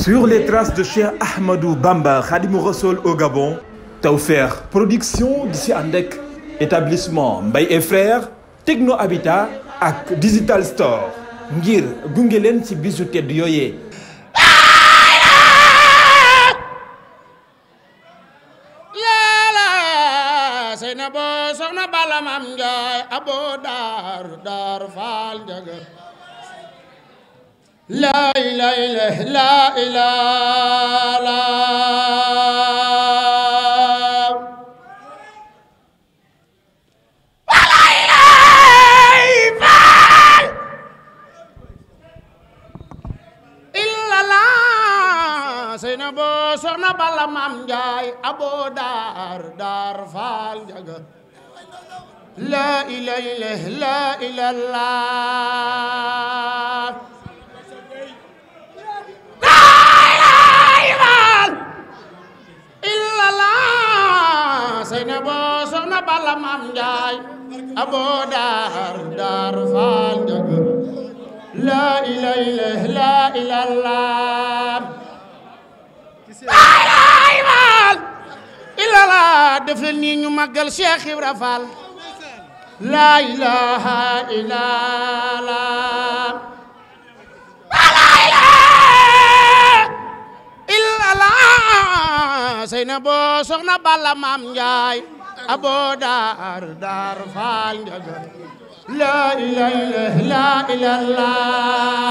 Sur les traces de Cheikh Ahmadou Bamba Khadimou Rassoul au Gabon Tawfekh Production di si ànd établissement Mbaye et Frères Techno Habitat ak Digital Store ngir gunge leen ci bisu tedd yooyee yàlla na boo soxna bala abo daar daar faal njaga لا إله إلا لا إله لا Seynabu soxna Balla Maam Njaay aboo daar daar faal njëkk la ila ila la ila la baay faal ila la def leen nii ñu màggal Cheikh Ibra Fall la ilaha ila ne boo soxna balla maam njaay aboo daar daar faal njaga laa ilaaha illallaah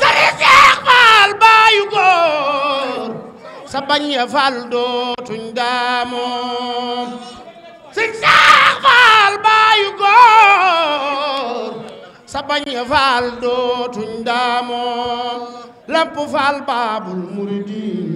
sëriñ Seex Faal baayu góor sa bañ ya faal dootuñ daamoom sëriñ Seex Faal baayu góor sa bañ ya faal dootuñ daamoom lamp faal baabul muridiin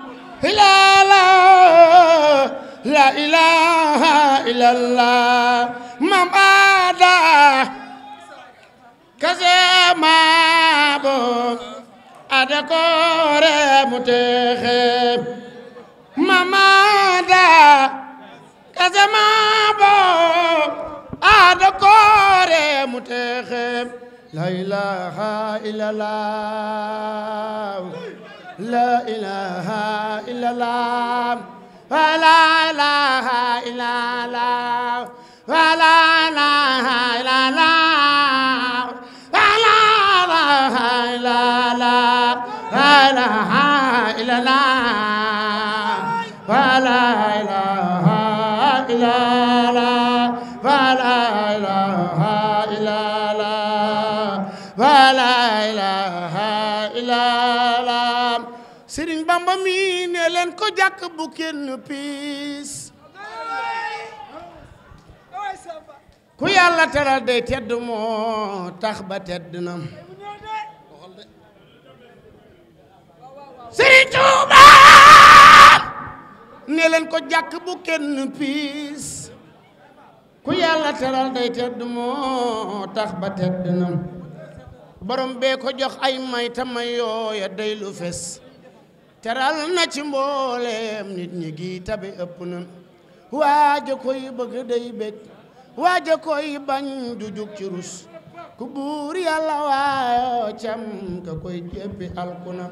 لا لا لا إله إلا الله ممادا كزما بو أدكور متخب ممادا كزما بو أدكور متخب لا إله إلا الله لا إله إلا الله ولا إله إلا الله ولا إله إلا الله ولا إله إلا الله لا إله إلا الله ولا إله إلا الله ولا إله إلا الله ولا إله ko jàkk bu kenn ku yàlla teral day tedd moo tax ba tedd na ko jàkk bu kenn ku yàlla teral moo borom bee ko jox ay may tama yooya day lu fes teral na ci mbooleem nit ñi gi tabe ëpp na waaja koy bëgg day bëgg waaja koy bañ du ci rus ku buur yàlla waayo cam ka koy jéppi alkuna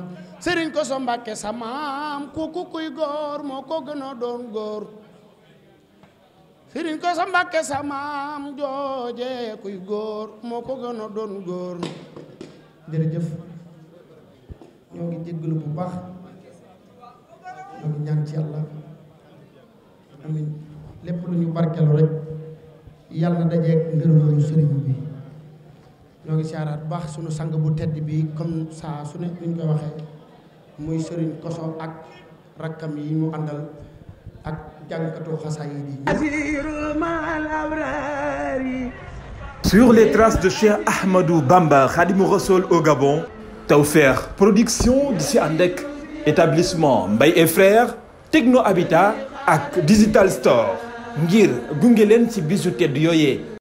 sëriñ ko so mbàkke samaam ku kuy góor moo ko gën doon góor sëriñ ko so mbàkke samaam jooje kuy góor moo ko gën doon góor jërëjëf ñoo ngi jéggalu bu baax ñoo ngi lépp lu ñu barkeelu rek yàlla na dajeeg ngërëmu sëriñ bi ñoo ngi siyaaraat bu baax suñu sang bu tedd bi comme saa su ne ñu koy waxee muy sëriñ koso ak rakkam yi mu àndal ak jàngkatu xasaay yi di sur les traces de Cheikh Ahmadou Bamba Khadimou Rassoul au Gabon Tawfekh Production di si ànd ak établissement Mbaye et frères Techno Habitat ak Digital Store ngir gunge leen ci bisu tedd yooyee.